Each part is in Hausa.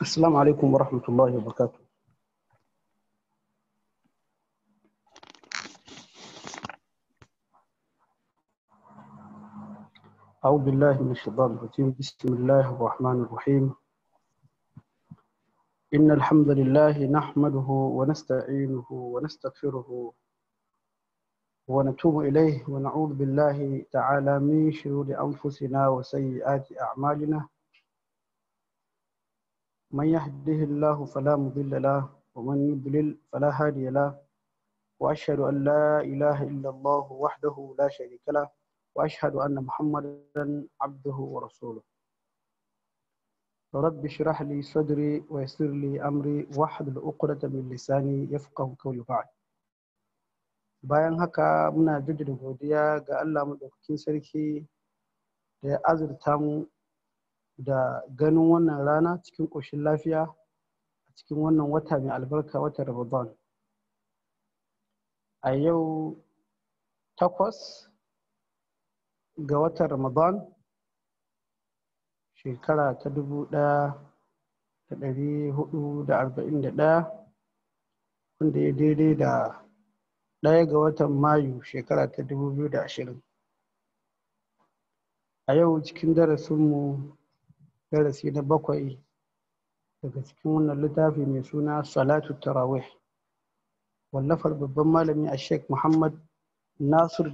السلام عليكم ورحمة الله وبركاته أعوذ بالله من الشيطان الرجيم بسم الله الرحمن الرحيم إن الحمد لله نحمده ونستعينه ونستغفره ونتوب إليه ونعوذ بالله تعالى من شرور أنفسنا وسيئات أعمالنا من يهده الله فلا مضل له ومن يضلل فلا هادي له وأشهد أن لا إله إلا الله وحده لا شريك له وأشهد أن محمدا عبده ورسوله رب اشرح لي صدري ويسر لي أمري واحلل عقدة من لساني يفقه قولي بعد bayan haka muna jaddada godiya ga Allah maɗaukakin sarki da ya azurta mu da ganin wannan rana cikin ƙoshin lafiya a cikin wannan wata mai albarka wata Ramadan. A yau takwas ga watan Ramadan shekara ta dubu ɗaya da ɗari hudu da arba'in da ɗaya wanda ya daidai da ɗaya ga watan Mayu shekara ta dubu biyu da ashirin. A yau cikin darasinmu darasi na bakwai daga cikin wannan littafi mai suna salatu tarawih wallafar babban malami a sheikh muhammad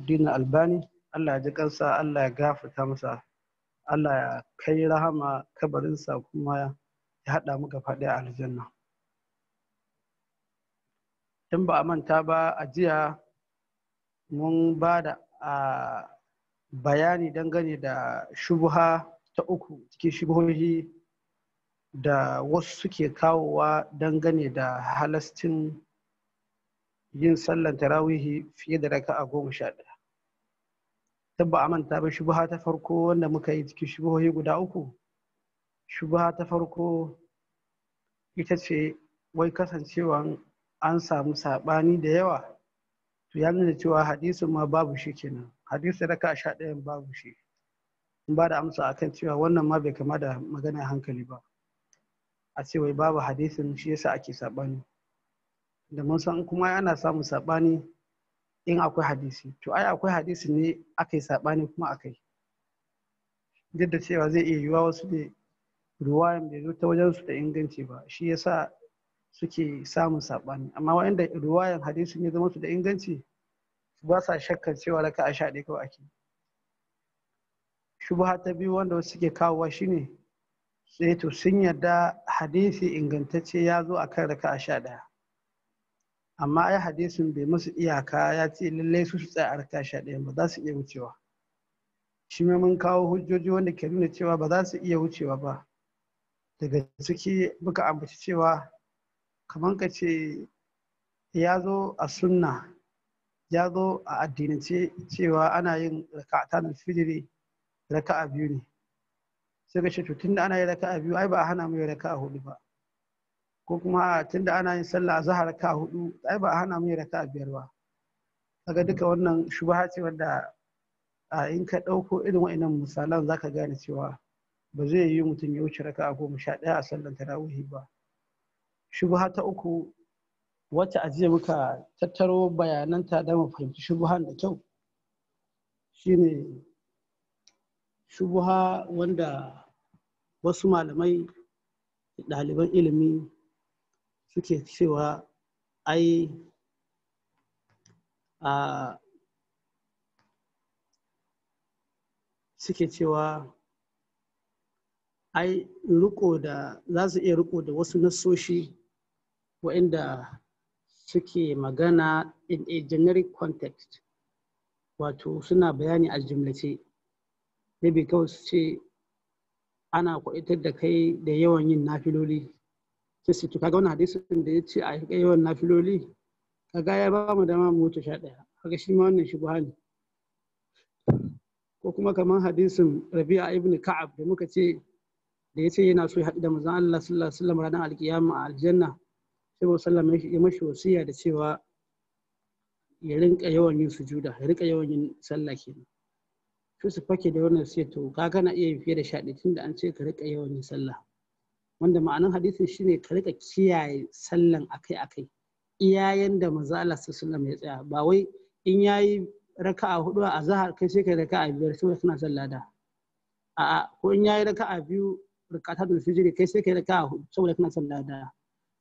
din albani allah ya ji allah ya gafata masa allah ya kai rahama kabarinsa kuma ya haɗa muka faɗi a aljanna in ba a manta ba a jiya mun ba da bayani dangane da shubuha ta uku cikin shigohi da wasu suke kawowa dangane da halastin yin sallar tarawihi fiye da raka a goma sha ɗaya. Tabba a manta ba shubuha ta farko wanda muka yi cikin shubuhohi guda uku. Shubuha ta farko ita ce wai kasancewan an samu saɓani da yawa. To ya nuna cewa hadisin ma babu shi kenan. Hadisin raka'a sha ɗayan babu shi. in ba da amsa akan cewa wannan ma bai kama da magana hankali ba a ce wai babu hadisin shi yasa ake saɓani da mun san kuma ana samun saɓani in akwai hadisi to ai akwai hadisi ne aka yi saɓani kuma akai duk da cewa zai iya yiwuwa wasu ne ruwayan bai zo ta wajen su da inganci ba shi yasa suke samun saɓani amma wa'inda ruwayan hadisi ne zama su da inganci ba sa shakkar cewa raka a sha ɗaya kawai ake shubha ta biyu wanda wasu suke kawowa shine sai eh to sun yarda hadisi ingantacce ya zo a kan raka sha ɗaya amma ai hadisin bai musu iyaka ya ce lallai su su tsaya a raka sha ɗaya ba za su iya wucewa shi ma mun kawo hujjoji wanda ke nuna cewa ba za su iya wucewa ba daga ciki muka ambaci cewa kamar ka ce ya zo a sunna ya zo a addinance cewa ana yin raka'atan fijiri raka'a biyu ne sai ka ce to tunda ana yin raka'a biyu ai ba a hana mu yin raka'a hudu ba ko kuma tunda ana yin sallah azhar raka'a hudu ai ba a hana mu yin raka'a biyar ba kaga duka wannan shubha ce wanda a in ka ɗauko irin wa'annan misalan zaka gane cewa ba zai yi mutum ya wuce raka'a goma sha ɗaya a sallan tarawih ba shubha ta uku wacce a jiya muka tattaro bayananta da mu fahimci shubuhan da kyau shine shubuha wanda wasu malamai ɗaliban ilimi suke cewa ai a suke cewa ai riko da za su iya riko da wasu nasoshi wa'inda suke magana in a generic context wato suna bayani a jimlace na bikau ce ana kwaitar da kai da yawan yin nafiloli sai su ci kaga wani hadisin da ya ce a yi yawan nafiloli kaga ya ba mu dama mu wuce sha ɗaya kaga shi ma wannan shi ne ko kuma kamar hadisin rabi'a ibn ka'ab da muka ce da ya ce yana so ya haɗu da manzon Allah sallallahu ranar alkiyama a aljanna sai wa sallam ya mashi wasiya da cewa ya rinka yawan yin sujuda ya rinka yawan yin sallah kenan su su fake da wannan sai to ka kana iya yin fiye da sha tun da an ce ka riƙa yawan yin sallah wanda ma'anan hadisin shine ka riƙa kiyaye sallan akai-akai iya yanda manzo Allah sallallahu ya tsaya ba wai in yayi raka'a hudu a zahar kai sai kai raka'a biyar saboda kana sallah da a'a ko in yayi raka'a biyu da fijr kai sai kai raka'a hudu saboda kana sallah da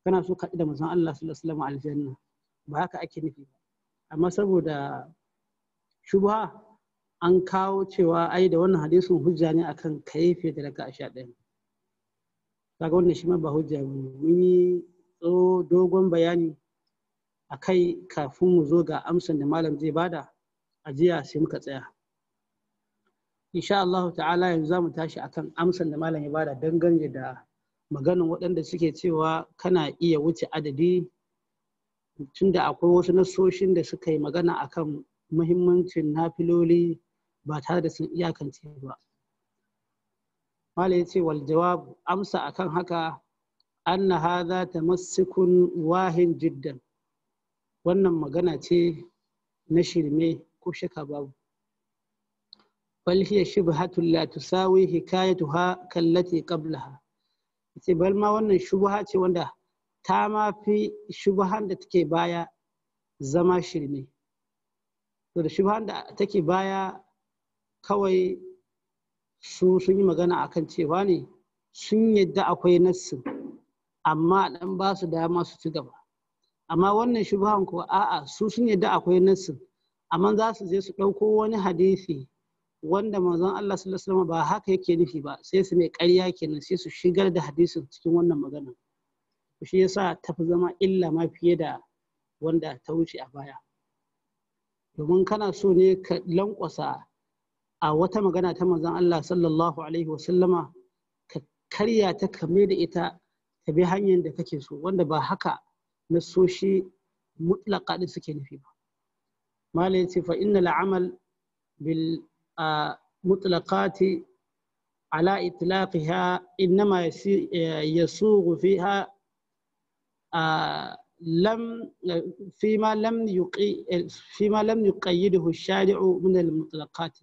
kana so ka da manzon Allah sallallahu alaihi wasallam aljanna ba haka ake nufi ba amma saboda shubha an kawo cewa ai da wannan hadisin hujja ne akan kaife da raka sha ɗaya kaga wannan shi ma ba hujja ne, mun yi dogon bayani a kai kafin mu zo ga amsan da malam zai bada a jiya sai muka tsaya insha Allah ta'ala yanzu za mu tashi akan amsan da malam ya bada dangane da maganin waɗanda suke cewa kana iya wuce adadi tunda akwai wasu nasoshin da suka yi magana akan muhimmancin nafiloli ba tare da sun iyakance ba Malam ya ce wal jawab amsa akan haka anna hadha tamassukun wahin jiddan wannan magana ce na shirme ko shaka babu bal hiya shubhatu la tusawi hikayatuha kallati qablaha yace bal ma wannan shubha ce wanda ta ma fi shubhan da take baya zama shirme to da shubhan da take baya kawai su sun yi magana a kan cewa ne sun yadda akwai nassin amma dan ba su dama su ci gaba amma wannan shubhan ko a'a su sun yadda akwai nassin amma za su je su ɗauko wani hadisi wanda manzon Allah sallallahu alaihi ba haka yake nufi ba sai su mai ƙarya kenan sai su shigar da hadisin cikin wannan magana shi yasa ta fi zama illa ma fiye da wanda ta wuce a baya domin kana so ne ka lankwasa a wata magana ta manzon Allah sallallahu alaihi wasallama ka karya ta kame da ita ta bi hanyar da kake so wanda ba haka na so shi mutlaqa din suke nufi ba malai yace fa innal amal bil mutlaqati ala itlaqiha innama yasugu fiha لم فيما لم يقي فيما لم يقيده الشارع من المطلقات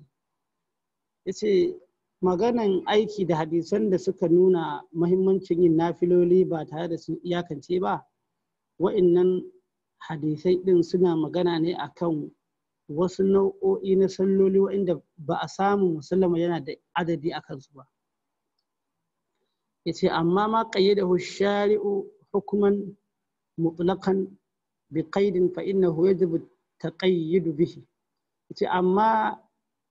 ya maganan aiki da hadisan da suka nuna mahimmancin yin nafiloli ba tare da sun iyakance ba wa'innan hadisai ɗin suna magana ne akan wasu nau'o'i na salloli wa'inda ba a samu musallama yana da adadi a kansu ba ya amma ma da shari'u hukuman mutlakan bi kaidin fa innahu yajibu bihi ya ce amma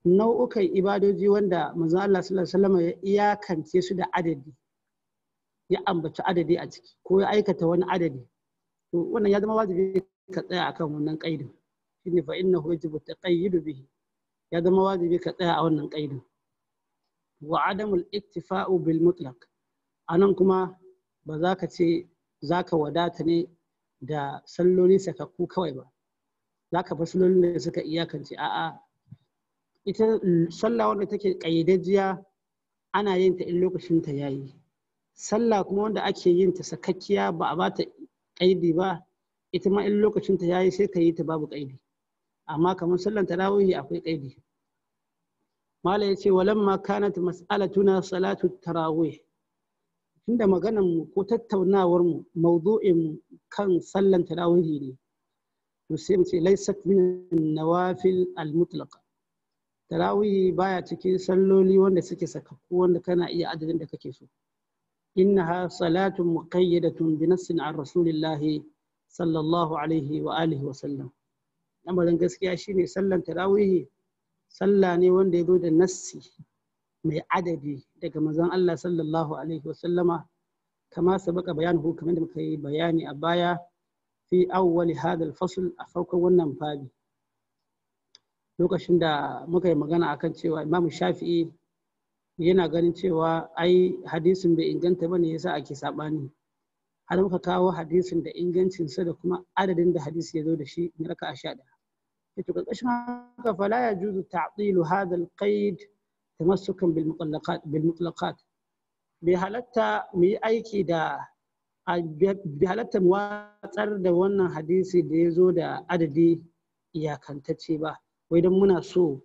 nau'ukan ibadoji wanda manzo Allah sallallahu alaihi wasallam ya iyakance su da adadi ya ambaci adadi a ciki ko ya aikata wani adadi to wannan ya zama wajibi ka tsaya akan wannan kaidin shine fa innahu yajibu taqayyidu bihi ya zama wajibi ka tsaya a wannan kaidin wa adamul iktifa'u bil mutlaq anan kuma ba za ka ce za ka wadata ne da salloli sakakku kawai ba za ka fi sallolin da suka iyakance a'a ita mm, sallah wanda take jiya, ana yin ta in lokacin ta yayi sallah kuma wanda ake yin ta sakakkiya ba a bata ƙaidi ba ita ma in lokacin ta yayi sai ka yi ta babu ƙaidi amma kamar sallan tarawihi akwai ƙaidi mala yace walamma kanat mas'alatuna salatu tarawih tunda maganar mu ko tattaunawar mu mawdu'in kan sallan tarawihi ne to sai mu ce laysat min nawafil al-mutlaqa tarawihi baya cikin salloli wanda suke sakakku wanda kana iya adadin da kake so innaha salatun muqayyadatun bi nassin an rasulillahi sallallahu alaihi wa alihi wa sallam lamarin gaskiya shine sallan tarawihi salla ne wanda ya zo da nassi mai adadi daga manzon Allah sallallahu alaihi wa sallama kama sabaka bayanuhu kamar da muka yi bayani a baya fi awwali hadal fasl a farkon wannan babi lokacin da muka yi magana akan cewa imamu shafi'i yana ganin cewa ai hadisin bai inganta ba ne yasa ake saɓani har muka kawo hadisin da ingancinsa da kuma adadin da hadisi ya zo da shi na raka a shaɗa. ɗaya ƙarƙashin haka fala ya juzu ta'dilu hadha al tamassukan bil mutlaqat bil mutlaqat bi halatta mu yi aiki da bi halatta mu watsar da wannan hadisi da ya zo da adadi iyakantacce ba wai don muna so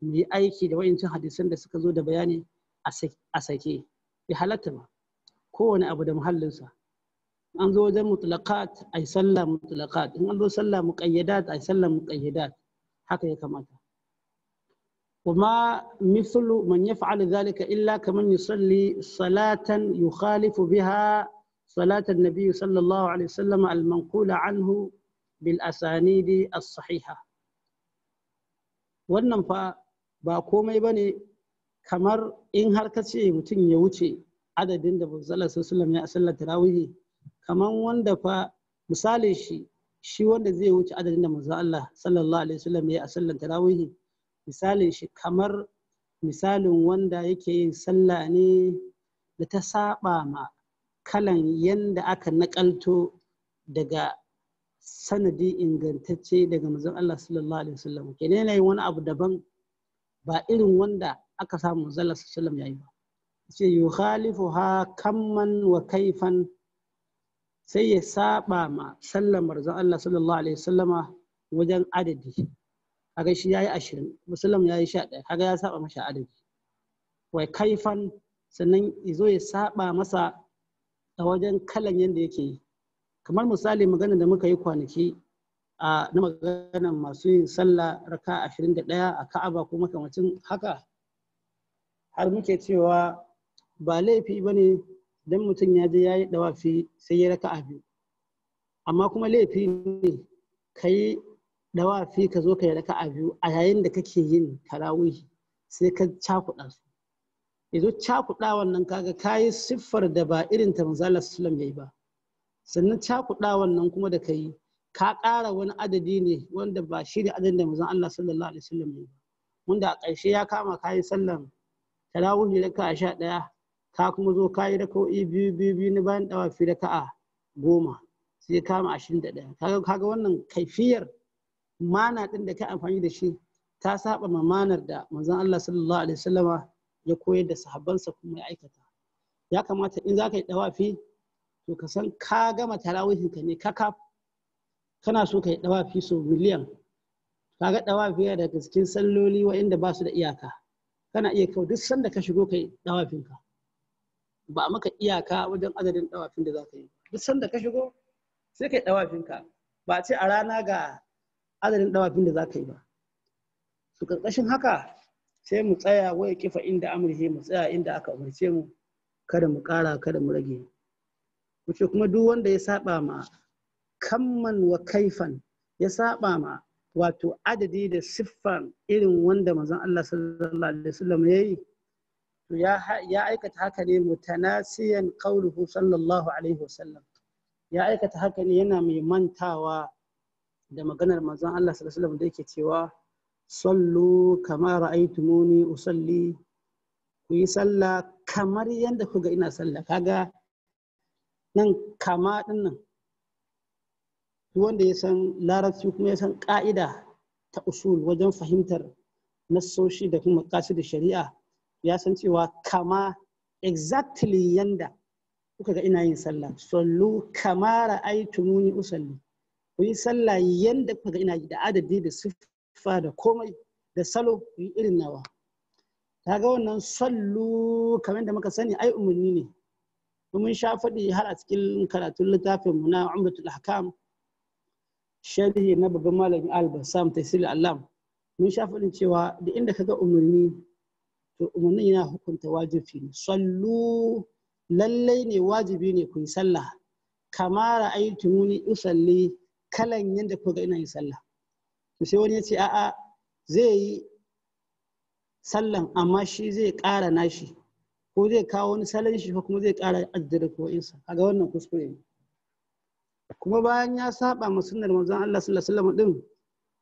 mu yi aiki da wa'incin hadisan da suka zo da bayani a sake bi halatta ba kowane abu da muhallinsa an zo wajen mutlaqat ay sallah mutlaqat in an zo sallah muqayyadat ay sallah muqayyadat haka ya kamata وما مثل من يفعل ذلك إلا كمن يصلي صلاة يخالف بها صلاة النبي صلى الله عليه وسلم المنقولة عنه بالأسانيد الصحيحة wannan fa ba komai ba ne kamar in har ka ce mutum ya wuce adadin da manzala sassulam ya sallar tarawihi kamar wanda fa misali shi shi wanda zai wuce adadin da manzo Allah sallallahu alaihi wasallam ya sallar tarawihi misalin shi kamar misalin wanda yake yin sallah ne da ta saba ma kalan yanda aka nakalto daga sanadi ingantacce daga manzon Allah sallallahu alaihi wasallam kenan yana yin wani abu daban ba irin wanda aka samu manzon Allah sallallahu alaihi wasallam yayi ba ce yukhalifu ha kamman wa kaifan sai ya saba ma sallar manzon Allah sallallahu alaihi wasallama wajen adadi kaga shi yayi 20 yi yayi 11 kaga ya saba masa adadi wai kaifan sannan izo ya saba masa a wajen kalan yadda yake yi kamar misali magana da muka yi kwanaki a na magana masu yin sallah raka 21 a ka'aba ko makamacin haka har muke cewa ba laifi ba ne don mutum ya je ya yi dawafi sai ya raka abu. amma kuma laifi ne ka yi dawafi ka zo ka yi raka biyu a yayin da kake yin tarawih sai ka cakuɗa su yanzu cakuɗa wannan kaga ka yi siffar da ba irin ta manzala sallam ya yi ba sannan cakuɗa wannan kuma da ka yi ka ƙara wani adadi ne wanda ba shi ne adadin da mazan Allah sallallahu alaihi wasallam ne wanda a ƙarshe ya kama kayi sallan tarawih ka sha ɗaya ka kuma zo kayi raka'o'i biyu biyu biyu na bayan da ka'a goma sai kama ashirin da ɗaya kaga kaga wannan kaifiyar mana ɗin da ka amfani da shi ta saba ma manar da manzon Allah sallallahu alaihi wasallama ya koyar da sahabbansa kuma ya aikata ya kamata in za ka yi ɗawafi. to ka san ka gama tarawihin ka ne kaka kana so ka yi dawafi so miliyan kaga dawafi yana daga cikin salloli wa'inda ba su da iyaka kana iya kawai duk sanda ka shigo ka yi dawafin ka ba maka iyaka wajen adadin dawafin da za ka yi duk sanda ka shigo sai ka yi dawafin ka ba ce a rana ga adadin dawafin da za ka yi ba su karkashin haka sai mu tsaya waya kifa inda amurhe mu tsaya inda aka umarce mu kada mu kara kada mu rage muke kuma duk wanda ya saba ma kamman wa kaifan ya saba ma wato adadi da siffan irin wanda mazan Allah sallallahu alaihi wasallam yayi yi. ya aikata haka ne mutanasiyan qauluhu sallallahu alaihi wasallam ya aikata haka ne yana mai mantawa da maganar mazan Allah sallallahu alaihi wasallam da yake cewa sallu kama ra'aytumuni usalli ku yi sallah kamar yadda ga ina sallah kaga nan kama ɗin nan wanda ya san larabci kuma ya san ƙa'ida ta usul wajen fahimtar nassoshi da kuma da shari'a ya san cewa kama exactly yanda kuka ga ina yin sallah sallu kama ra'aytumuni usalli ku yi sallah yanda kuka ga ina da adadi da siffa da komai da salo ku yi irin nawa Ta ga wannan sallu kamar da muka sani ai umarni ne mun sha faɗi har a cikin karatun littafin mu na umratul ahkam sharhi na babban malami al-basam tafsir allam. mun sha faɗin cewa da inda kaga umarni to umarnin yana hukunta wajibi ne sallu lallai ne wajibi ne ku yi sallah kama ra'aytumuni usalli kalan yadda kuka ina yin sallah to sai wani ya ce a'a zai yi sallan amma shi zai ƙara nashi ko zai kawo wani salon shi kuma zai ƙara addada ko'insa kaga wannan kuskure kuma bayan ya saba ma sunnar manzon Allah sallallahu alaihi wasallam din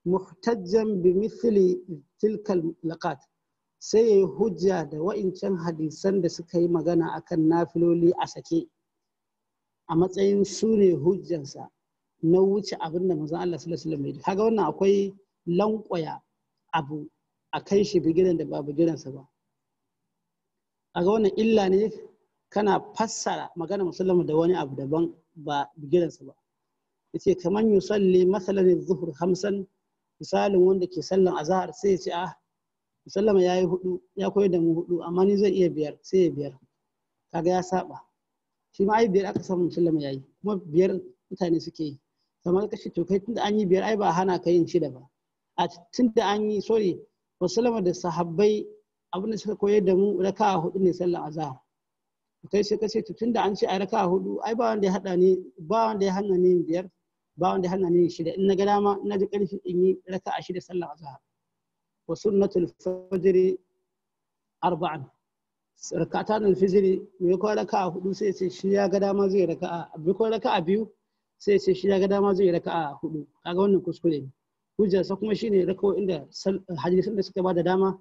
muhtajjan bi mithli tilkal laqat sai yayi hujja da wa'incan hadisan da suka yi magana akan nafiloli a sake a matsayin su ne hujjansa na wuce abin da manzon Allah sallallahu alaihi wasallam ya kaga wannan akwai lankwaya abu a kai shi bigiran da ba giransa ba a ga wannan illa ne kana fassara magana musulman da wani abu daban ba bigiransa ba yace kaman yusalli masalan zuhur hamsan misalin wanda ke sallan azhar sai ya ce ah musallama yayi hudu ya koyar da mu hudu amma ni zai iya biyar sai ya biyar kaga ya saba shi ma ai biyar aka samu musallama yayi kuma biyar mutane suke yi kamar kashi to kai tunda an yi biyar ai ba hana ka yin shida ba a tunda an yi sorry musallama da sahabbai abin da suka koyar da mu raka'a hudu ne sallar azhar kai sai kace to tunda an ce a raka'a hudu ai ba wanda ya hada ni ba wanda ya hana ni biyar ba wanda ya hana ni shida in na ga dama ina ji karfi in yi raka'a shida sallar azhar wa sunnatul fajr arba'an rakata nan fijiri me ko raka'a hudu sai ce shi ya ga dama zai raka'a me ko raka'a biyu sai ce shi ya ga dama zai raka'a hudu kaga wannan kuskure ne hujjarsa kuma shine raka'o'in da hadisan da suka ba da dama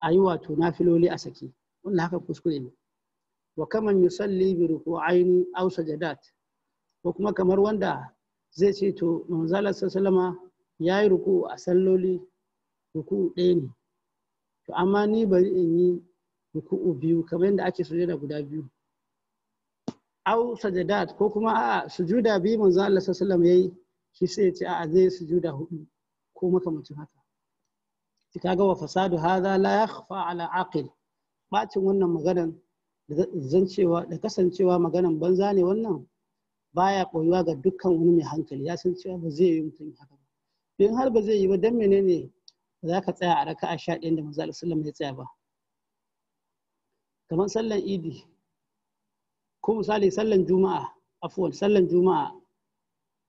a yi wato nafiloli a saki wannan haka kuskure ne wa kaman yusalli bi ruku'aini aw sajadat ko kuma kamar wanda zai ce to manzala sallama ya yi ruku a salloli ruku ɗaya ne to amma ni bari in yi ruku'u biyu kamar yadda ake sujada guda biyu aw sajadat ko kuma a sujuda biyu manzo Allah ya yi yayi shi sai ya ce a zai sujuda hudu ko makamacin haka kaga wa fasadu hadha la yakhfa ala aqil bacin wannan maganan zancewa da kasancewa maganan banza ne wannan baya koyuwa ga dukkan wani mai hankali ya san cewa ba zai yi mutum haka ba in har ba zai yi ba dan menene ba za ka tsaya a raka a sha ɗayan da manzo Allah sallallahu ya tsaya ba kamar sallan idi ko misali sallan juma'a afwan sallan juma'a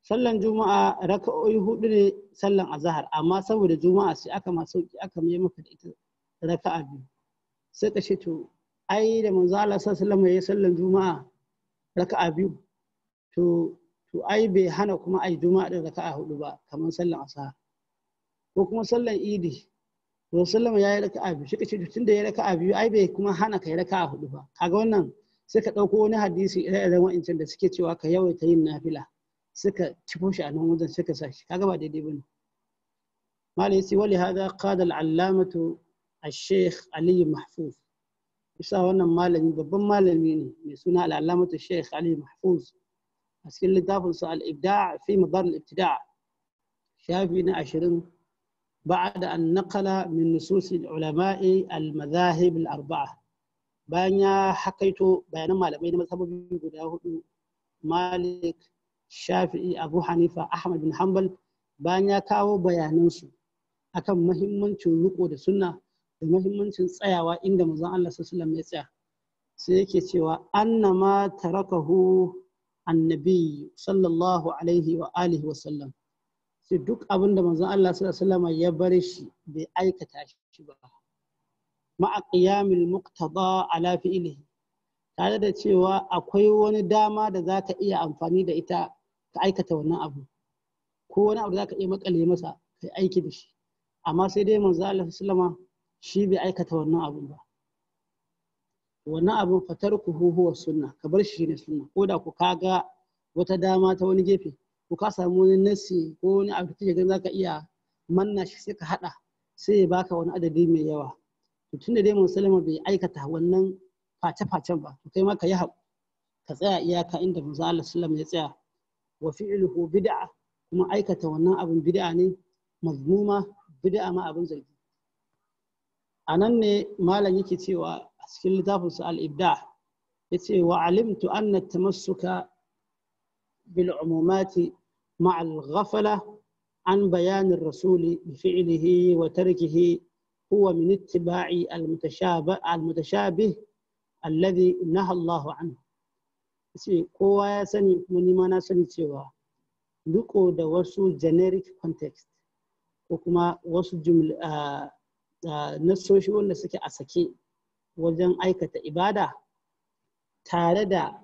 sallan juma'a raka'o'i hudu ne sallan azahar amma saboda juma'a sai aka ma sauki aka mai maka da ita raka'a biyu sai ka ce to ai da manzo Allah sallallahu alaihi sallan juma'a raka'a biyu to to ai bai hana kuma ai juma'a da raka'a hudu ba kamar sallan asar ko kuma sallan idi to sallama yayi raka'a biyu sai ka ce to tunda yayi raka'a biyu ai bai kuma hana kai raka'a hudu ba kaga wannan sai ka dauko wani hadisi ire-iren wa'ancan da suke cewa ka yawaita yin nafila suka cifo shi a nan wajen suka sa shi kaga ba daidai bane malai sai wali hada qada al-allamatu al-sheikh ali mahfuz isa wannan malami babban malami ne mai suna al-allamatu sheikh ali mahfuz a cikin littafin sa al-ibda' fi madar al-ibtida' shafi na 20 بعد أن نقل من نصوص العلماء المذاهب الأربعة bayan ya hakaito bayanan malamai na mazhabobi guda huɗu, malik shafi'i abu hanifa ahmad bin hanbal bayan ya kawo bayanansu akan mahimmancin riko da sunna da mahimmancin tsayawa inda manzon Allah sallallahu ya tsaya sai yake cewa annama tarakahu annabi sallallahu alaihi wa alihi wa sallam sai duk abin da manzon Allah sallallahu ya bar shi bai aikata shi ba ma'a qiyamil muqtada ala fi'lihi tare da cewa akwai wani dama da zaka iya amfani da ita ka aikata wannan abu ko wani abu da zaka iya makale masa kai aiki da shi amma sai dai manzo Allah sallama shi bai aikata wannan abu ba wannan abun fatarkuhu huwa sunna ka bar shi ne sunna ko da ku ga wata dama ta wani gefe ko ka samu wani nasi ko wani abu da kake ganin zaka iya manna shi sai ka hada sai ya baka wani adadi mai yawa tunda dai manzo sallama bai aikata wannan face-facen ba kai ma ka yi ka tsaya iyaka inda manzo Allah sallama ya tsaya وفعله بدعة كما عيكة وانا أبن بدعاني مضمومة بدعة ما أبن زلقي أنني ما لن يكتي وأسكي لتافس الإبداع يتي وعلمت أن التمسك بالعمومات مع الغفلة عن بيان الرسول بفعله وتركه هو من اتباع المتشابه, المتشابه الذي نهى الله عنه sai kowa ya sani kuma nima ma na sani cewa riko da wasu generic context ko kuma wasu jumla soshi wanda suke a sake wajen aikata ibada tare da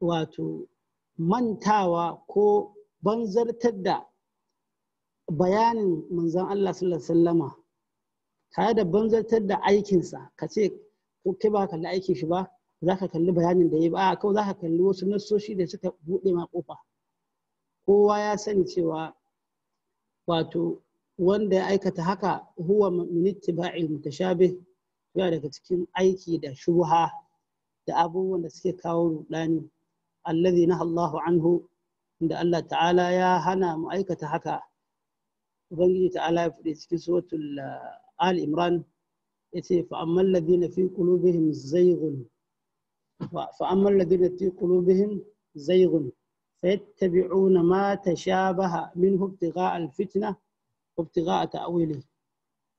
wato mantawa ko banzartar da bayanin manzan Allah wasallama tare da banzartar da aikinsa ka ce ko kai ba kalli aikin shi ba za ka kalli bayanin da ya ba a kawai za ka kalli wasu nassoshi da suka buɗe ma kofa kowa ya sani cewa wato wanda ya aikata haka huwa min ittiba'il mutashabih yana daga cikin aiki da shubha da abubuwan da suke kawo rudani allazi nahallahu anhu inda Allah ta'ala ya hana mu aikata haka ubangiji ta'ala ya fadi cikin suratul ah, al imran yace fa ammal ladina fi qulubihim zayghun فأما الذين في قلوبهم زيغ فيتبعون ما تشابه منه ابتغاء الفتنة وابتغاء تأويله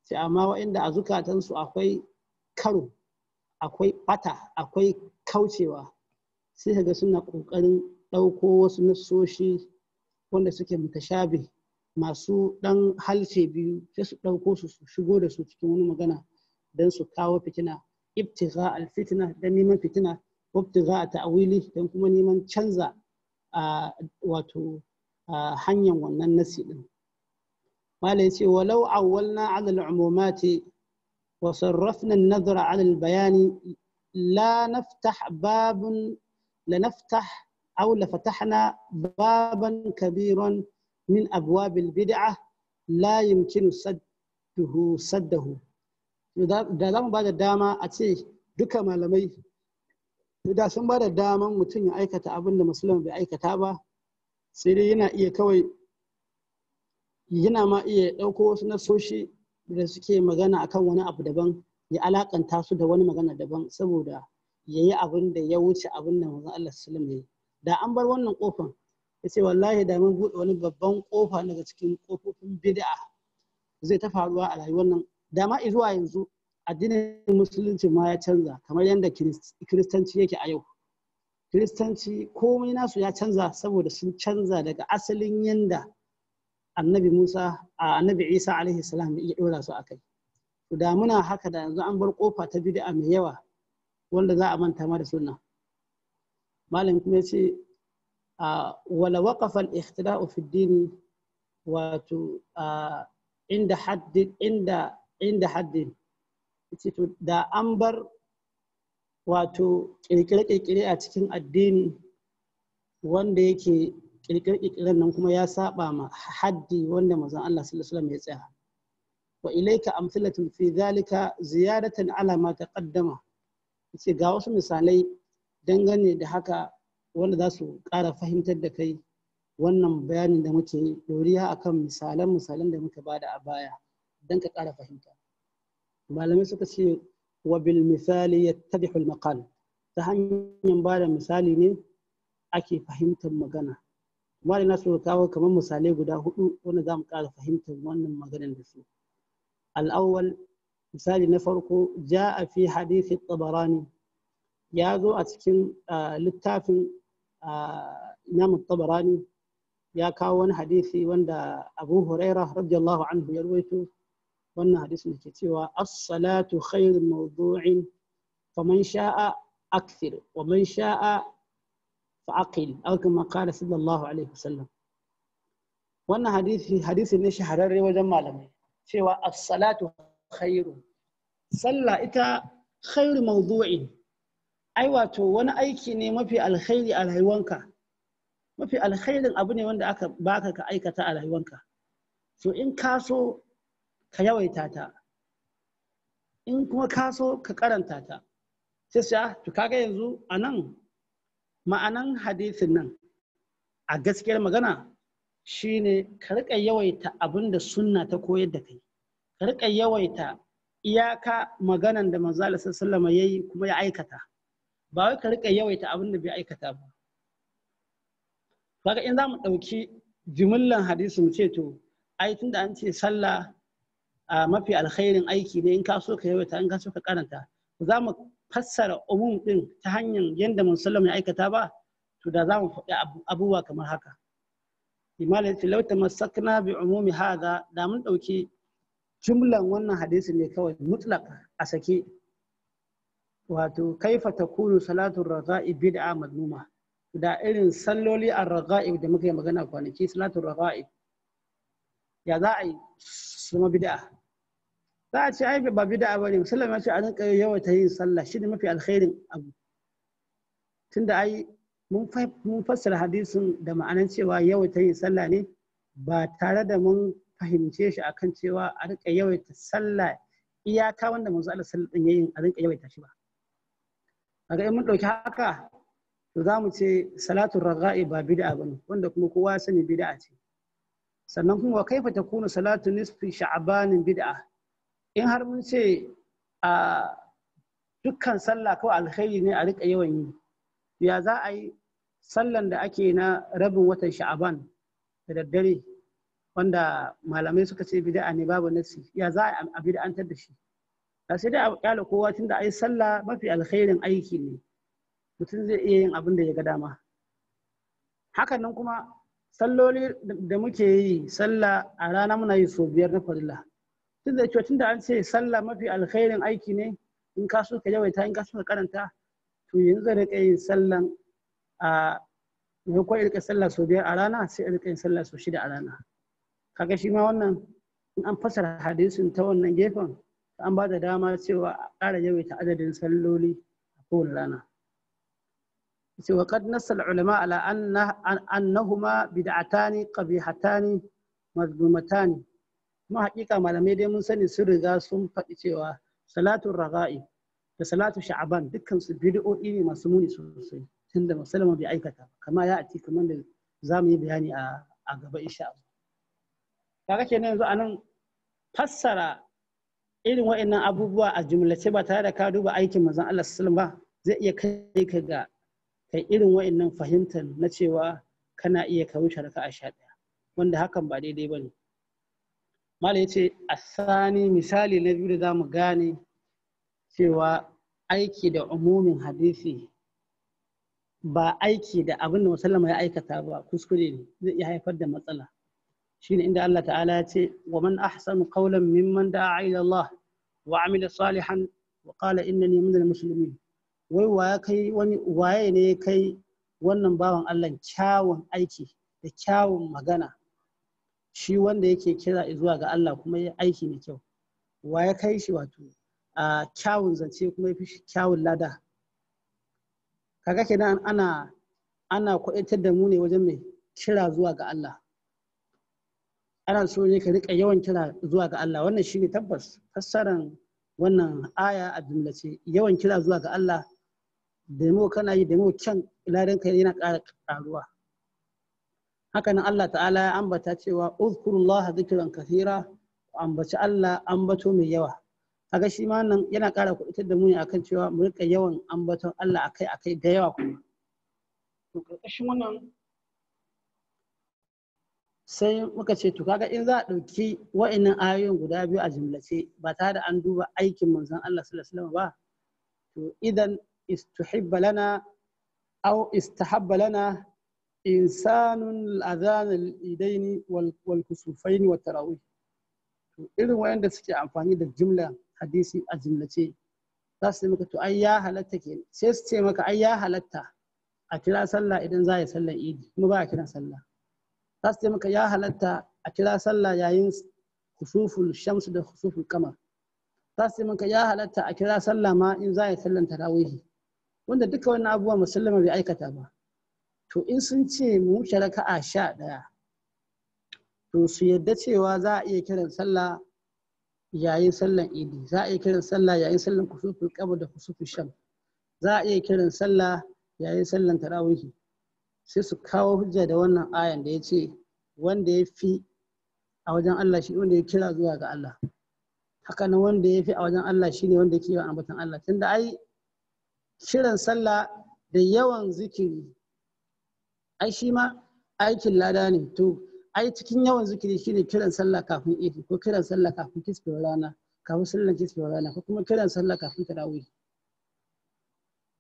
sai amma wa'inda a zukatansu akwai karo akwai ɓata, akwai kaucewa sai daga suna ƙoƙarin ɗauko wasu nassoshi wanda suke mutashabi masu ɗan halce biyu sai ɗauko su su shigo da su cikin wani magana don su kawo fitina ibtiza alfitina don neman fitina وابتغاء تأويله كم كمان يمن تشنزا آه، واتو آه، حنيا وانا ما ليس ولو عولنا على العمومات وصرفنا النظر على البيان لا نفتح باب لنفتح أو لفتحنا بابا كبيرا من أبواب البدعة لا يمكن سده سده. دام بعد داما أتي دكما لمي da sun ba da daman mutum ya aikata abin da musulman bai aikata ba sai dai yana iya kawai yana ma iya ɗauko wasu nasoshi da suke magana akan wani abu daban ya alakanta su da wani magana daban saboda ya yi abin da ya wuce abin da manzon Allah sallallahu alaihi da an bar wannan kofan ya ce wallahi da mun buɗe wani babban kofa daga cikin kofofin bid'a zai ta faruwa a rayuwar nan da ma zuwa yanzu addinin musulunci ma ya canza kamar yadda kiristanci yake a yau kiristanci komai nasu ya canza saboda sun canza daga asalin yadda annabi musa a annabi isa alaihi salam ya dora su akai to da muna haka da yanzu an bar kofa ta bid'a mai yawa wanda za a manta ma da sunna malam kuma ya wala waqafa al-ikhtila'u fi ad-din wato inda inda haddin ce da an bar wato kirkire-kirkire a cikin addini wanda yake kirkire-kirkiren nan kuma ya saɓa ma haddi wanda mazan Allah sallallahu ya tsaya wa ilaika amsalatun fi zalika ziyadatan ala ma taqaddama ce ga wasu misalai dangane da haka wanda za su ƙara fahimtar da kai wannan bayanin da muke doriya akan misalan misalan da muka da a baya don ka ƙara fahimta malamai suka ce wa bil misali ya al maqal ta hanyar ba da misali ne ake fahimtar magana malai na kawo kamar misalai guda hudu wanda za mu fahimtar wannan maganar da su al-awwal misali na farko ja'a fi hadisi tabarani ya zo a cikin littafin imam tabarani ya kawo wani hadisi wanda abu huraira radiyallahu anhu ya ruwaito wannan hadisin da ke cewa as-salatu khairu mawdu'in faman sha'a akthir wa man sha'a fa'aqil aw kama qala sallallahu alaihi wasallam wannan hadisi hadisi ne shahararre wajen malamai cewa as-salatu khairu sallah ita khairu mawdu'in ai wato wani aiki ne mafi alkhairi a rayuwanka mafi alkhairin abu ne wanda aka baka ka aikata a rayuwanka so in ka so ka yawaita ta in kuma ka so ka karanta ta sai su ah, to kaga yanzu a nan ma'anan hadisin nan a gaskiyar magana shine ka rika yawaita abinda da sunna ta koyar da kai ka rika yawaita iyaka maganan da manzo Allah sallallahu alaihi yayi kuma ya aikata ba wai ka rika yawaita abinda bai aikata ba kaga in za mu ɗauki jimillan hadisi mu ce to ai tunda an ce sallah a mafi alkhairin aiki ne in ka so ka yawaita in ka so ka karanta za mu fassara umum din ta hanyar yadda musulun ya aikata ba to da za mu faɗi abubuwa kamar haka imala ya lau bi umumi haza, da mun ɗauki jumlan wannan hadisi ne kawai mutlaka a sake wato kaifa takunu salatu raga'i bid'a madnuma da irin salloli a ragai da muka yi magana kwanaki salatu raga'i ya za a yi su ma bid'a za a ce ai ba bid'a bane musulmi ya ce a rinka yawaita yin sallah ne mafi alkhairin abu tunda ai mun fassara hadisin da ma'anar cewa yawaita yin sallah ne ba tare da mun fahimce shi akan cewa a rinka yawaita sallah iyaka wanda manzo Allah sallallahu alaihi wasallam a rinka yawaita shi ba kaga in mun dauki haka to za mu ce salatu raga'i ba bid'a bane wanda kuma kowa sani bid'a ce sannan kuma kaifa kuna salatu nisfi sha'abanin bid'a in har mun ce a dukkan sallah kawai alkhairi ne a rika yawan yi ya za a yi sallan da ake na rabin watan sha'aban da daddare wanda malamai suka ce bid'a ne babu nasi ya za a bid'antar da shi da sai dai a kyala kowa tun da ai sallah mafi alkhairin aiki ne mutum zai iya yin abin da ya ga dama hakan nan kuma salloli da muke yi sallah a rana muna yi sau biyar na farilla tun da cewa tun da an ce sallah mafi alkhairin aiki ne in ka so ka yawaita in ka so ka karanta to yanzu zai rika yin sallan a kwa irka sallah sau biyar a rana sai irka yin sallah sau shida a rana kaga shi ma wannan in an fasara hadisin ta wannan gefen an ba da dama cewa a ƙara yawaita adadin salloli a kowane rana وقد نص العلماء على أن أنهما بدعتان قبيحتان مذمومتان ما حقيقة ما لم يدي من سنة سرقة سنفة cewa صلاة الرغائب da salatu sha'aban dukkan su ne masu muni sosai tunda musulma bai aikata kama ya ati kamar da za mu yi bayani a gaba insha Allah kaga kenan yanzu anan fassara irin wa'annan abubuwa a jumlace ba tare da ka duba aikin manzon Allah sallallahu ba zai iya kai ga Mai irin wa'annan fahimtar na cewa kana iya ka wuce raka a sha ɗaya wanda hakan ba daidai ba ne mala ya ce asani misali na biyu da za mu gane cewa aiki da umumin hadisi ba aiki da abin da musallama ya aikata ba kuskure ne zai iya haifar da matsala shine inda Allah ta'ala ya ce wa man ahsanu qawlan mimman da'a ila Allah wa amila salihan wa qala innani minal muslimin wai waye kai wani waye ne kai wannan bawan Allah kyawun aiki da kyawun magana shi wanda yake kira zuwa ga Allah kuma ya aiki mai kyau waye kai shi wato a kyawun zance kuma yafi fi kyawun lada kaga kenan ana ana kwaitar da mu ne wajen mai kira zuwa ga Allah ana so ne ka rika yawan kira zuwa ga Allah wannan shine tabbas fassaran wannan aya a jumlace yawan kira zuwa ga Allah demo kana yi demo can ladan ka yana ƙara ƙaruwa haka nan Allah ta'ala ya ambata cewa uzkurullaha zikran kathira ku ambaci Allah ambato mai yawa kaga shi ma nan yana ƙara kuɗitar da mu ne akan cewa mu rika yawan ambaton Allah akai akai da yawa kuma to karkashin wannan sai muka ce to kaga in za a ɗauki wa'annan ayoyin guda biyu a jimlace ba tare da an duba aikin manzon Allah sallallahu alaihi wasallam ba to idan استحب لنا أو استحب لنا إنسان الأذان الإيدين والكسوفين والتراويح irin wayanda suke amfani da jumla hadisi a jumlace za su maka to ai ya halatta ke sai a kira sallah idan za a yi sallar idi kuma ba a kiran sallah za su ce maka ya halatta a kira sallah yayin khusuful shamsu da khusuful kamar za su halatta a kira sallah ma in za a yi wanda duka wannan abubuwa musulma bai aikata ba to in sun ce mu wuce raka'a sha ɗaya to su yadda cewa za a iya kiran sallah yayin sallan idi za a iya kiran sallah yayin sallan kusufin kabar da kusufin sham za a iya kiran sallah yayin sallan tarawihi sai su kawo hujja da wannan ayan da ya ce wanda ya fi a wajen Allah shi wanda ya kira zuwa ga Allah haka nan wanda ya fi a wajen Allah shi ne wanda kira yawan batun Allah tunda ai shirin sallah da yawan zikiri ai shi ma aikin lada ne to ai cikin yawan zikiri shine kiran sallah kafin ifi, ko kiran sallah kafin kisfin rana kafin sallan kisfin rana ko kuma kiran sallah kafin tarawih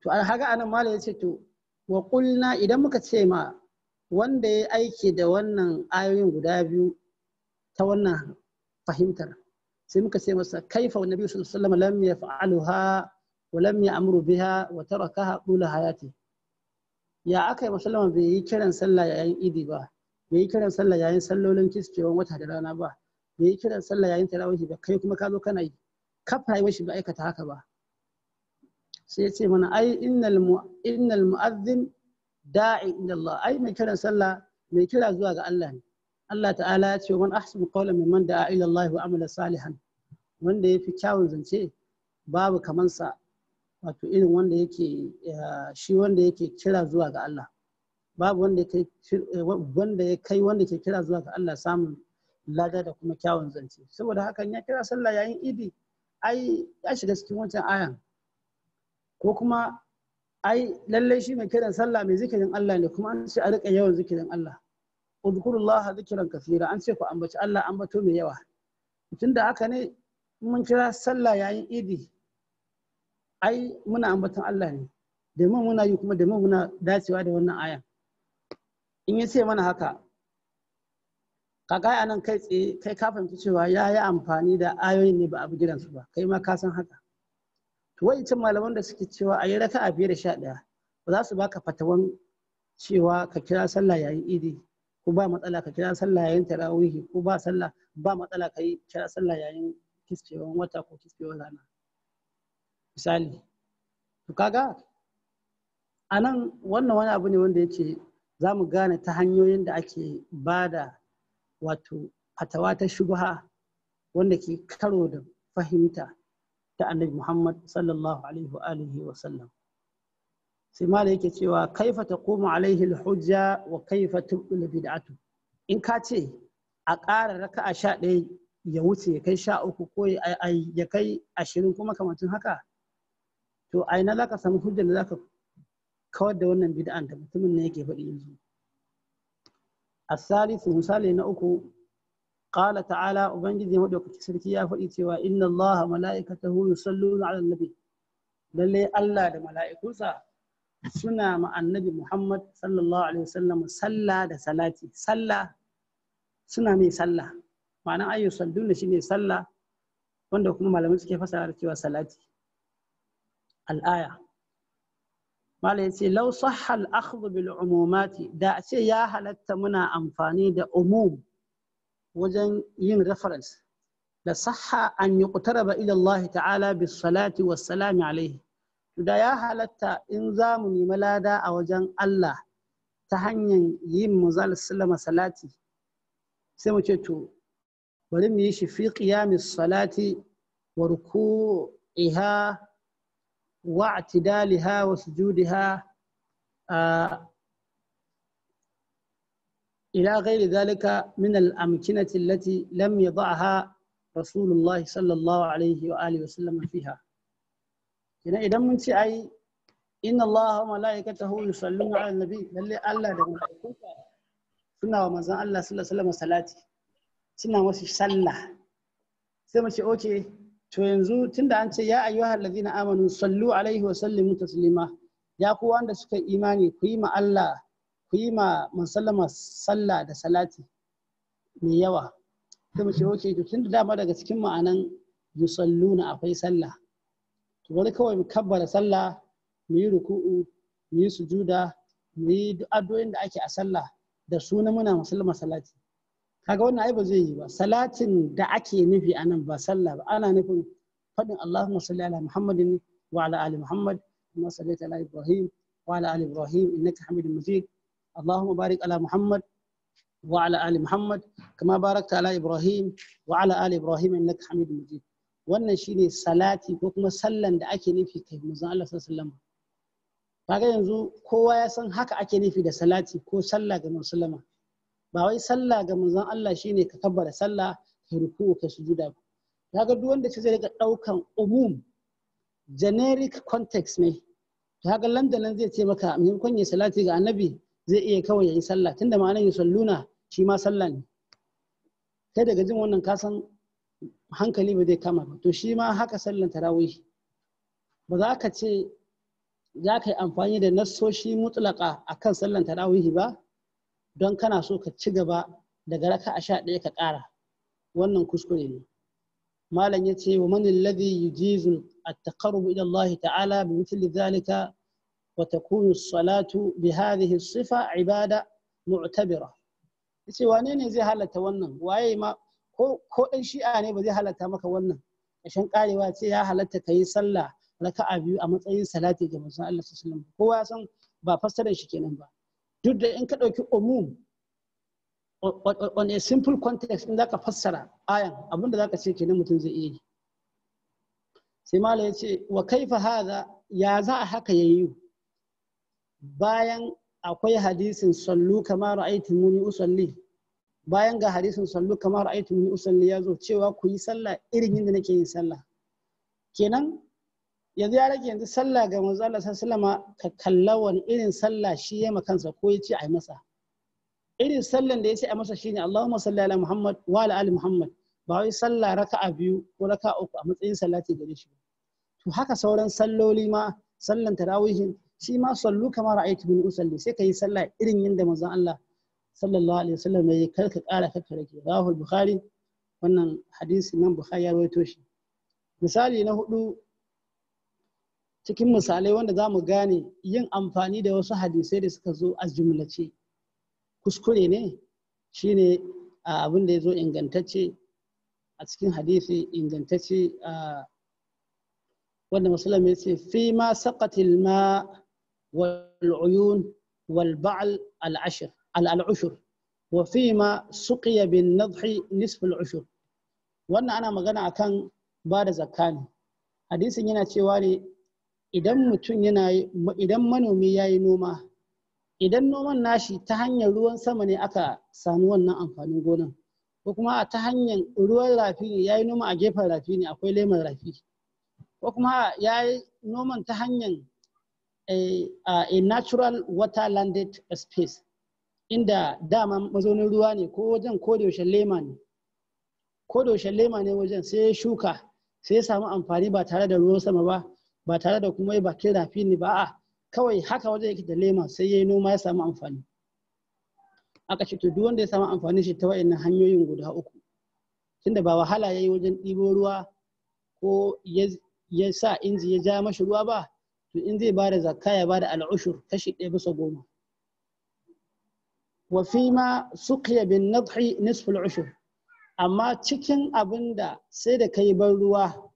to al haga anan malam yace to wa qulna idan muka ce ma wanda ya aiki da wannan ayoyin guda biyu ta wannan fahimtar sai muka ce masa kaifa wa nabi sallallahu alaihi wasallam lam yaf'aluha ولم يأمر بها وتركها طول حياته يا أكي مسلم بي كيران صلى يعين إيدي با بي كيران صلى يعين صلولين كسكيون wata da rana ba bai kiran sallah yayin tarawihi ba kai kuma ka zo kana yi kafa yi shi ba aikata haka ba sai ya ce mana ai innal mu'azzin da'i inda Allah ai mai kiran sallah mai kira zuwa ga Allah ne Allah ta'ala ya ce man ahsanu qawlan mimman da'a ila Allah wa amila salihan wanda yafi kyawun zance babu kaman sa wato irin wanda yake eh, shi wanda yake kira zuwa ga Allah babu wanda ya kai wanda ke kira zuwa ga Allah samun lada da kuma kyawun zance saboda hakan ya kira sallah yayin idi ai ya shiga cikin wancan ayan ko kuma ai lallai shi mai kiran sallah mai zikirin Allah ne kuma an ce a rika yawan zikirin Allah udkurullaha zikiran kafira an ce ku ambaci Allah ambato mai yawa tunda haka ne mun kira sallah yayin idi ai muna ambaton Allah ne domin muna yi kuma domin muna dacewa da wannan aya in ya ce mana haka kaga a kai tsaye kai ka fahimci cewa ya yi amfani da ayoyin ne ba abu gidansu ba kai ma ka san haka to wa'incan malaman da suke cewa a yi raka a biyar da sha ɗaya ba za su baka fatawan cewa ka kira sallah yayin idi ko ba matsala ka kira sallah yayin tarawihi ko ba sallah matsala ka yi kira sallah yayin kiskewan wata ko kiskewan rana misali to kaga a nan wannan wani abu ne wanda yake za mu gane ta hanyoyin da ake ba da wato fatawa ta shubha wanda ke karo da fahimta ta annabi Muhammad sallallahu alaihi wa alihi wa sallam sai mala yake cewa kaifa koma alaihi alhujja wa kaifa tubul bid'atu in ka ce a ƙara raka'a sha ɗaya ya wuce ya kai sha uku ko ya kai ashirin kuma kamantun haka to a ina za ka samu hujjar da za ka kawar da wannan bid'an da mutumin ne yake faɗi yanzu A su misali na uku qala ta'ala ubangiji madaukaki sarki ya faɗi cewa inna allaha mala'ikatahu yusalluna 'ala nabi lalle allah da mala'ikunsa suna ma annabi muhammad sallallahu alaihi wasallam sallah da salati sallah suna mai sallah ma'ana ayyu shi ne sallah wanda kuma malamai suke fasara cewa salati al'aya mala ya ce lau sahal akhdhu bil umumati da a ce ya halatta muna amfani da umum wajen yin reference da sahha an yuqtaraba ila Allah ta'ala bis salati was salam alayhi da ya halatta in za mu nemi lada a wajen Allah ta hanyar yin muzal sallama salati sai mu ce to bari mu yi shi fi qiyamis salati wa ruku'iha واعتدالها وسجودها إلى غير ذلك من الأمكنة التي لم يضعها رسول الله صلى الله عليه وآله وسلم فيها هنا إذا من أي إن الله وملائكته يصلون على النبي للي الله ده ملائكته سنة ومزان الله صلى الله عليه وسلم صلاتي سنة وسي صلى سيما شيء أوكي to yanzu tunda an ce ya ayyuhal ladina amanu sallu alaihi wa sallimu taslima ya ku wanda suka imani ku yi ma Allah ku yi ma musallama sallah da salati mai yawa To mu ce to tunda dama daga cikin ma'anan yusalluna akwai sallah to wani kawai mu kabbara sallah mu yi ruku'u mu yi sujuda mu yi addu'o'in da ake a sallah da suna muna musallama salati kaga wannan ai ba zai yi ba salatin da ake nufi a nan ba sallah ba ana nufin faɗin Allahumma salli ala Muhammadin wa ala ali Muhammad kuma sallaita ala Ibrahim wa ala ali Ibrahim innaka Hamidum Majid Allahumma barik ala Muhammad wa ala ali Muhammad kama barakta ala Ibrahim wa ala ali Ibrahim innaka Hamidum Majid wannan shine salati ko kuma sallan da ake nufi kai manzon Allah sallallahu alaihi wasallam kaga yanzu kowa ya san haka ake nufi da salati ko sallah ga manzon ba wai sallah ga manzon Allah shine ka kabbara sallah ka ruku ka sujuda ba kaga duk wanda ce zai riga daukan umum generic context ne kaga landanan zai ce maka mun kunye salati ga annabi zai iya kawai yayi sallah tunda ma'anar ya salluna shi ma sallah ne kai daga jin wannan kasan hankali ba zai kama ba to shi ma haka sallan tarawih ba za ka ce za ka yi amfani da nassoshi mutlaka akan sallar sallan tarawihi ba don kana so ka ci gaba daga raka a sha ɗaya ka ƙara wannan kuskure ne malam ya ce wa manin ladhi yujizu at-taqarrub ila Allah ta'ala bi mithli dhalika wa takunu as-salatu bi hadhihi as-sifa ibada mu'tabira yace wane ne zai halatta wannan waye ma ko ko dan shi'a ne ba zai halatta maka wannan kashin karewa ce ya halatta yi sallah raka'a biyu a matsayin salati ga manzon Allah sallallahu alaihi wasallam kowa san ba fassarar shi kenan ba duk da in ka ɗauki Omu on a simple context in ka fassara ayan abinda ka ce kenan mutum zai iya yi sai mala ya ce wa kaifa hadha ya za a haka ya yi? bayan akwai hadisin sallu kamar aitin muni usalli bayan ga hadisin sallu kamar aitin muni usalli ya zo cewa ku yi sallah irin yadda nake yin sallah kenan yanzu ya rage yanzu sallah ga manzo Allah sallama ka kalla wani irin sallah shi ya kansa ko ya ce a masa irin sallan da ya ce a masa shine Allahumma salli ala Muhammad wa ala ali Muhammad ba wai sallah raka'a biyu ko raka'a uku a matsayin salati gare shi to haka sauran salloli ma sallan tarawihin shi ma sallu kama ra'aytu min usalli sai kai sallah irin yanda manzon Allah sallallahu alaihi wasallam yayi kar ka kara ka ke, rawahu bukhari wannan hadisi nan bukhari ya rawaito shi misali na hudu cikin misalai wanda za mu gane yin amfani da wasu hadisai da suka zo a jumlace kuskure ne shine abin da ya zo ingantacce a cikin hadisi ingantacce wanda musulmi ya ce fi ma saqatil ma wal uyun wal ba'al al al ushur wa fi ma suqiya bin nadhi nisf al ushur wannan ana magana akan ba da zakka ne hadisin yana cewa ne idan mutum yana idan manomi ya yi noma idan noman nashi ta hanyar ruwan sama ne aka samu wannan amfanin gonan ko kuma ta hanyar ruwan rafi ne ya yi noma a gefen rafi ne akwai lemon rafi ko kuma ya yi noman ta hanyar eh, a natural water landed space inda dama mazaunin ruwa ne ko wajen kodayaushe lema ne kodayaushe lema ne wajen sai ya shuka sai ya samu amfani ba tare da ruwan sama ba ba tare da kuma bakin rafi ne ba a kawai haka wajen yake da lema sai ya yi noma ya samu amfani aka ce to duk wanda ya samu amfani shi ta wa'annan hanyoyin guda uku tunda ba wahala ya yi wajen ɗibo ruwa ko ya sa inji ya ja mashi ruwa ba to in zai bada zakka ya bada al'ushur kashi ɗaya bisa goma wa fi ma suqiya bin nadhi nisfu al'ushur amma cikin abin da sai da kai ban ruwa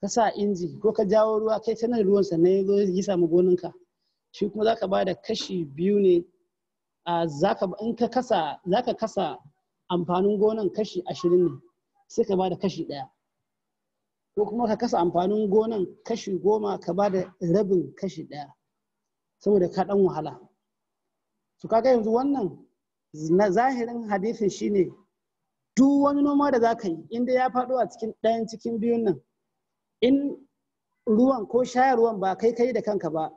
ka sa inji ko ka jawo ruwa kai sanar ruwan sannan na zo yi samu goninka shi kuma zaka ba da kashi biyu ne a zaka ka kasa zaka kasa amfanin gonan kashi ashirin ne sai ka ba da kashi ɗaya ko kuma ka kasa amfanin gonan kashi goma ka ba da rabin kashi ɗaya saboda ka ɗan wahala to kaga yanzu wannan na zahirin hadisin shine duk wani noma da zaka yi inda ya faɗo a cikin ɗayan cikin biyun nan in ruwan ko shayarwan ba kai kai da kanka ba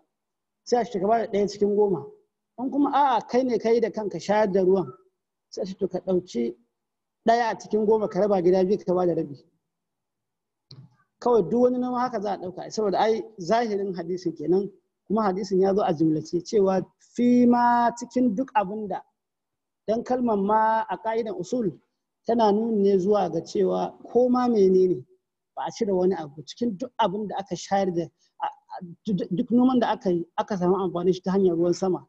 sai a shiga ba da ɗaya cikin goma in kuma a'a kai ne kai da kanka shayar da ruwan sai a ka ɗauki ɗaya a cikin goma ka raba gida biyu ka ba da rabi kawai duk wani nama haka za a ɗauka saboda ai zahirin hadisin kenan kuma hadisin ya zo a jimlace cewa fi ma cikin duk abin da dan kalmar ma a ka'idan usul tana nuni ne zuwa ga cewa ko ma menene ba a cire wani abu cikin duk abin da aka shayar da duk noman da aka yi aka samu amfani shi ta hanyar ruwan sama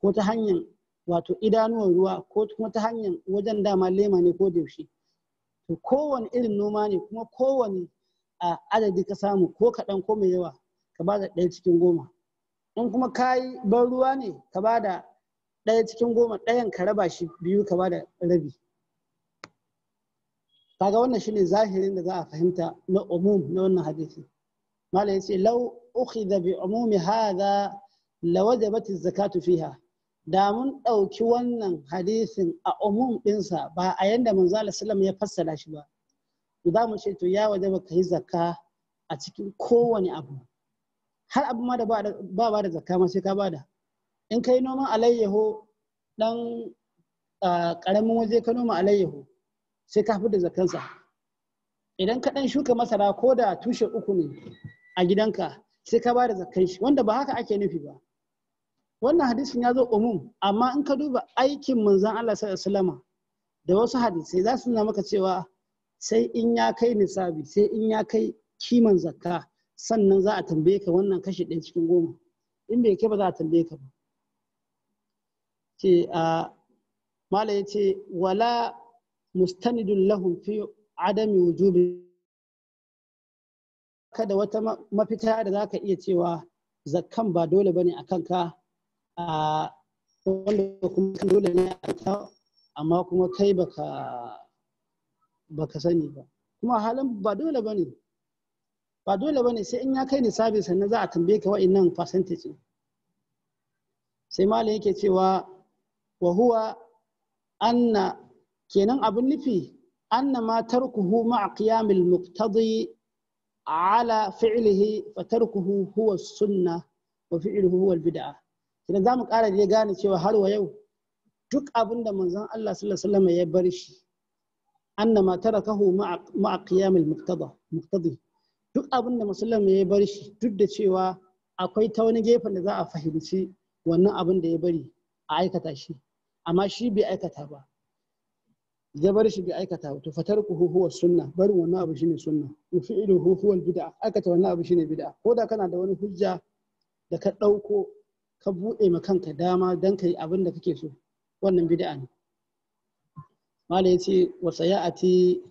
ko ta hanyar wato idanuwan ruwa ko kuma ta hanyar wajen dama lema ne ko yaushe to kowane irin noma ne kuma kowane adadi ka samu ko kaɗan ko mai yawa ka ba da ɗaya cikin goma in kuma ka yi ban ruwa ne ka ba da ɗaya cikin goma ɗayan ka raba shi biyu ka ba da rabi kaga wannan shine zahirin da za a fahimta na umum na wannan hadisi malai yace lau ukhidha bi umumi hadha lawajabat az-zakatu fiha da mun dauki wannan hadisin a umum ba a yanda manzo Allah sallam ya fassara shi ba za mu ce to ya wajaba kai zakka a cikin kowane abu har abu ma da ba ba da zakka ma sai ka bada in kai noman alayyaho dan karamin ah, waje ka noma alayyaho sai ka fi da zakansa idan ka dan shuka masara ko da tushe uku ne a gidanka sai ka ba da zakan shi wanda ba haka ake nufi ba wannan hadisin ya zo umum amma in ka duba aikin manzon Allah sallallahu alaihi da wasu hadisai za su nuna maka cewa sai in ya kai nisabi sai in ya kai kiman zakka sannan za a tambaye ka wannan kashi ɗaya cikin goma in bai kai ba za a tambaye ka ba ce a mala ya ce wala مستند لهم في عدم وجوب kada wata mafita da zaka iya cewa zakkan ba dole ba ne a kanka a wanda kuma dole ne a kanka amma kuma kai baka ka sani ba kuma halin ba dole bane ba dole bane sai in ya kai sabi sannan za a tambaye ka nan percentage sai malam yake cewa wa huwa anna kenan abin nufi annama tarkuhu ma'a qiyamil muqtadi ala fi'lihi fa tarkuhu huwa sunna wa fi'luhu huwa bid'a kenan zamu ƙara gane cewa har wa yau duk abin da manzon Allah sallallahu alaihi wasallam ya bar shi annama tarakahu ma'a qiyamil muqtadi duk abin da musulmi ya bar shi duk da cewa akwai ta wani gefen da za a fahimci wannan abin da ya bari a aikata shi amma shi bai aikata ba ya bar shi bi aikata to ku huwa sunna barin wannan abu shine sunna fi fi'luhu huwa bid'a aikata wannan abu shine bid'a ko da kana da wani hujja da ka dauko ka bude ma kanka dama dan kai abin da kake so wannan bid'a ne mala yace wa sayati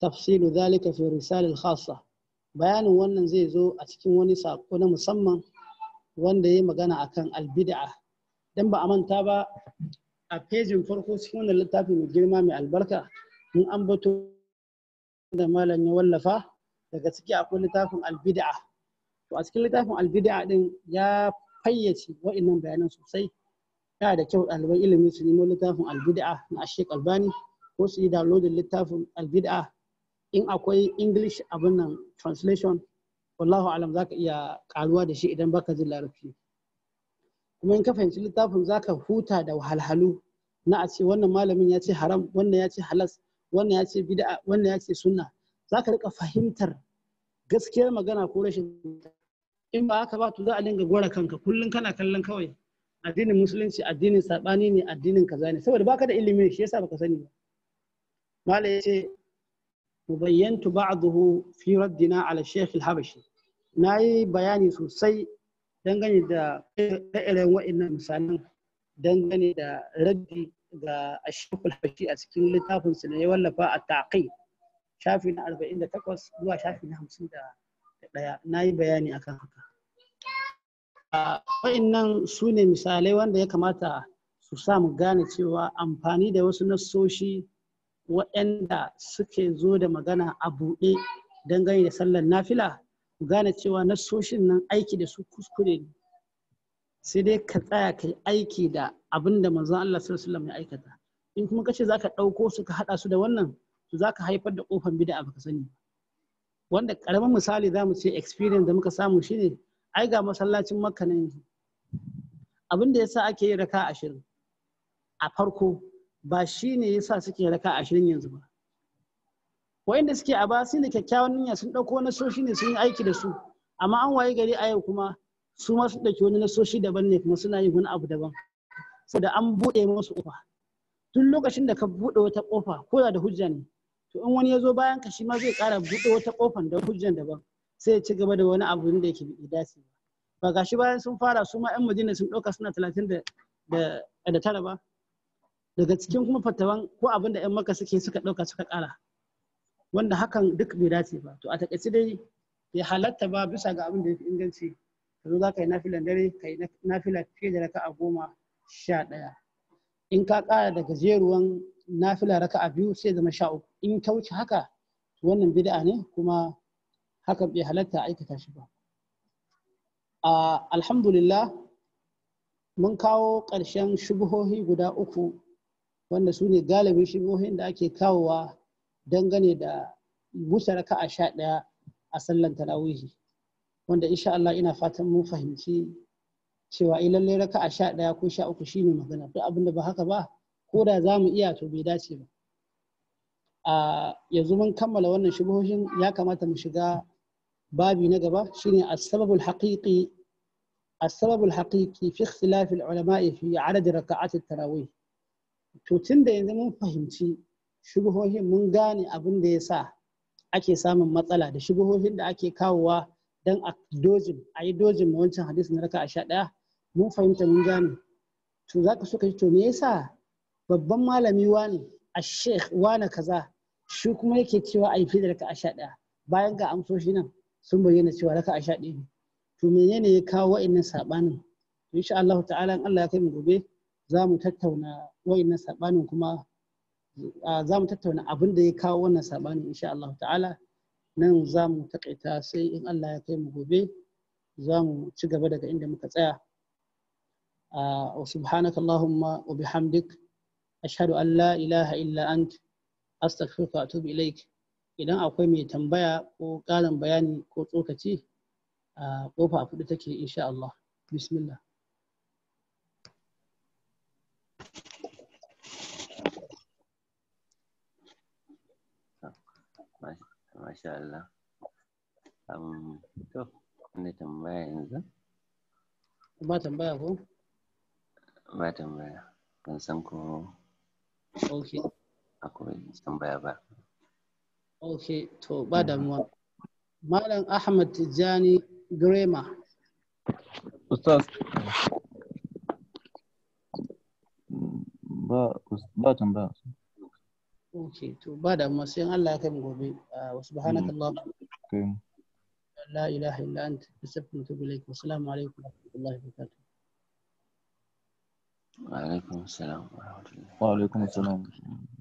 tafsilu zalika fi risal al khassa bayanin wannan zai zo a cikin wani sako na musamman wanda ya magana akan al bid'a dan ba a manta ba a fejin farko cikin wannan littafi mai girma mai albarka an bato da malam ya wallafa daga ciki akwai littafin albid'a to a cikin littafin albida'a din ya fayyace wa'annan bayanan sosai yana da kyau ɗaliban ilimi su nemo littafin albid'a na ashe Albani ko su yi downloadin littafin albid'a in akwai English abin nan translation wallahu alam zaka iya karuwa da shi idan baka jin larabci kuma in ka fahimci littafin zaka huta da wahalhalu na a ce wannan malamin ya ce haram wannan ya ce halas wannan ya ce bid'a wannan ya ce sunna zaka rika fahimtar gaskiyar magana ko rashin in ba haka ba to za a dinga gora kanka kullum kana kallon kawai addinin musulunci addinin sabani ne addinin kaza ne saboda baka da ilimi shi yasa baka sani ba mala yace mubayyantu ba'dahu fi raddina ala shaykh al-habashi nayi bayani sosai dangane da ire-iren wa'annan misalan dangane da raddi ga ashekul hashi a cikin littafin su da ya wallafa a taƙi shafi na 48 zuwa shafi na 51 na yi bayani akan haka wa'annan su ne misalai wanda ya kamata su sa mu gane cewa amfani da wasu nasoshi waɗanda suke zo da magana a buɗe dangane da sallar nafila ku gane cewa soshin nan aiki da su kuskure ne sai dai ka tsaya ka aiki da abin da manzon Allah sallallahu ya aikata in kuma kace zaka ɗauko su ka haɗa su da wannan to zaka haifar da kofan bid'a baka sani wanda karamin misali za mu ce experience da muka samu shine ai ga masallacin makka na yanzu abin da yasa ake yin raka ashirin a farko ba shine yasa suke raka ashirin yanzu ba wa'inda suke a baya ne da kyakkyawan niyya sun ɗauko nasoshi ne sun yi aiki da su amma an waye gari a yau kuma su ma sun ɗauki wani nasoshi daban ne kuma suna yin wani abu daban saboda an buɗe musu ƙofa tun lokacin da ka buɗe wata ƙofa ko da hujja ne to in wani ya zo bayan ka shi ma zai ƙara buɗe wata ƙofan da hujjan daban sai ya ci gaba da wani abu da yake dace ba ba gashi bayan sun fara su ma 'yan madina sun ɗauka suna talatin da tara ba daga cikin kuma fatawan ko abinda da 'yan maka suke suka ɗauka suka ƙara wanda hakan duk bai dace ba to a takaice dai ya halatta ba bisa ga abin da yake inganci ka zo za ka yi nafilan dare ka yi nafila fiye da raka'a goma sha ɗaya in ka ƙara da gajeruwan nafila raka'a biyu sai zama sha uku in ka wuce haka wannan bid'a ne kuma hakan bai halatta aikata shi ba alhamdulillah mun kawo ƙarshen shubuhohi guda uku wanda su ne galibin shubuhohin da ake kawowa dangane da wuce raka'a sha ɗaya a sallan tarawihi wanda insha Allah ina fatan mun fahimci cewa ai eh, lallai raka'a sha ɗaya ko sha uku shi ne magana duk abinda ba haka ba ko da za mu iya to bai dace ba a yanzu mun kammala wannan shubuhoshin ya kamata mu shiga babi na gaba shine as-sababul haqiqi as-sababul haqiqi fi ikhtilaf al-ulama'i fi adad raka'at at-tarawih to tunda yanzu mun fahimci shugohohin mun gane abin da ya sa ake samun matsala da shugohohin da ake kawowa don a dojin a yi dojin ma wancan hadis na raka sha ɗaya mun fahimta mun gane to za ka suka to me yasa babban malami wani a sheikh wani kaza shi kuma yake cewa a yi fi da raka sha ɗaya bayan ga amsoshi nan sun bayyana cewa raka sha ɗaya to menene ya kawo wa'innan saɓanin insha Allah ta'ala in Allah ya kai mu gobe za mu tattauna wa'innan saɓanin kuma za mu tattauna abin da ya kawo wannan saɓani insha Allah ta'ala nan za mu taƙaita sai in Allah ya kai mu gobe za mu ci gaba daga inda muka tsaya wa subhanaka Allahumma wa bihamdik ashhadu an la ilaha illa ant astaghfiruka wa atubu ilaik idan akwai mai tambaya ko ƙarin bayani ko tsokaci kofa a fudu take insha Allah bismillah masha Allah um, to wani tambaya yanzu ba tambaya ko ba tambaya ban san ko ok akwai tambaya ba ok to ba damuwa malam ahmad tijjani grema ustaz ba ba tambaya ok to ba da masu yin Allah ya kai mu gobe ah, wa subhanaka mm. Allah la ilaha illa anta astaghfiruka wa wa assalamu alaikum wa rahmatullahi wa barakatuh وعليكم السلام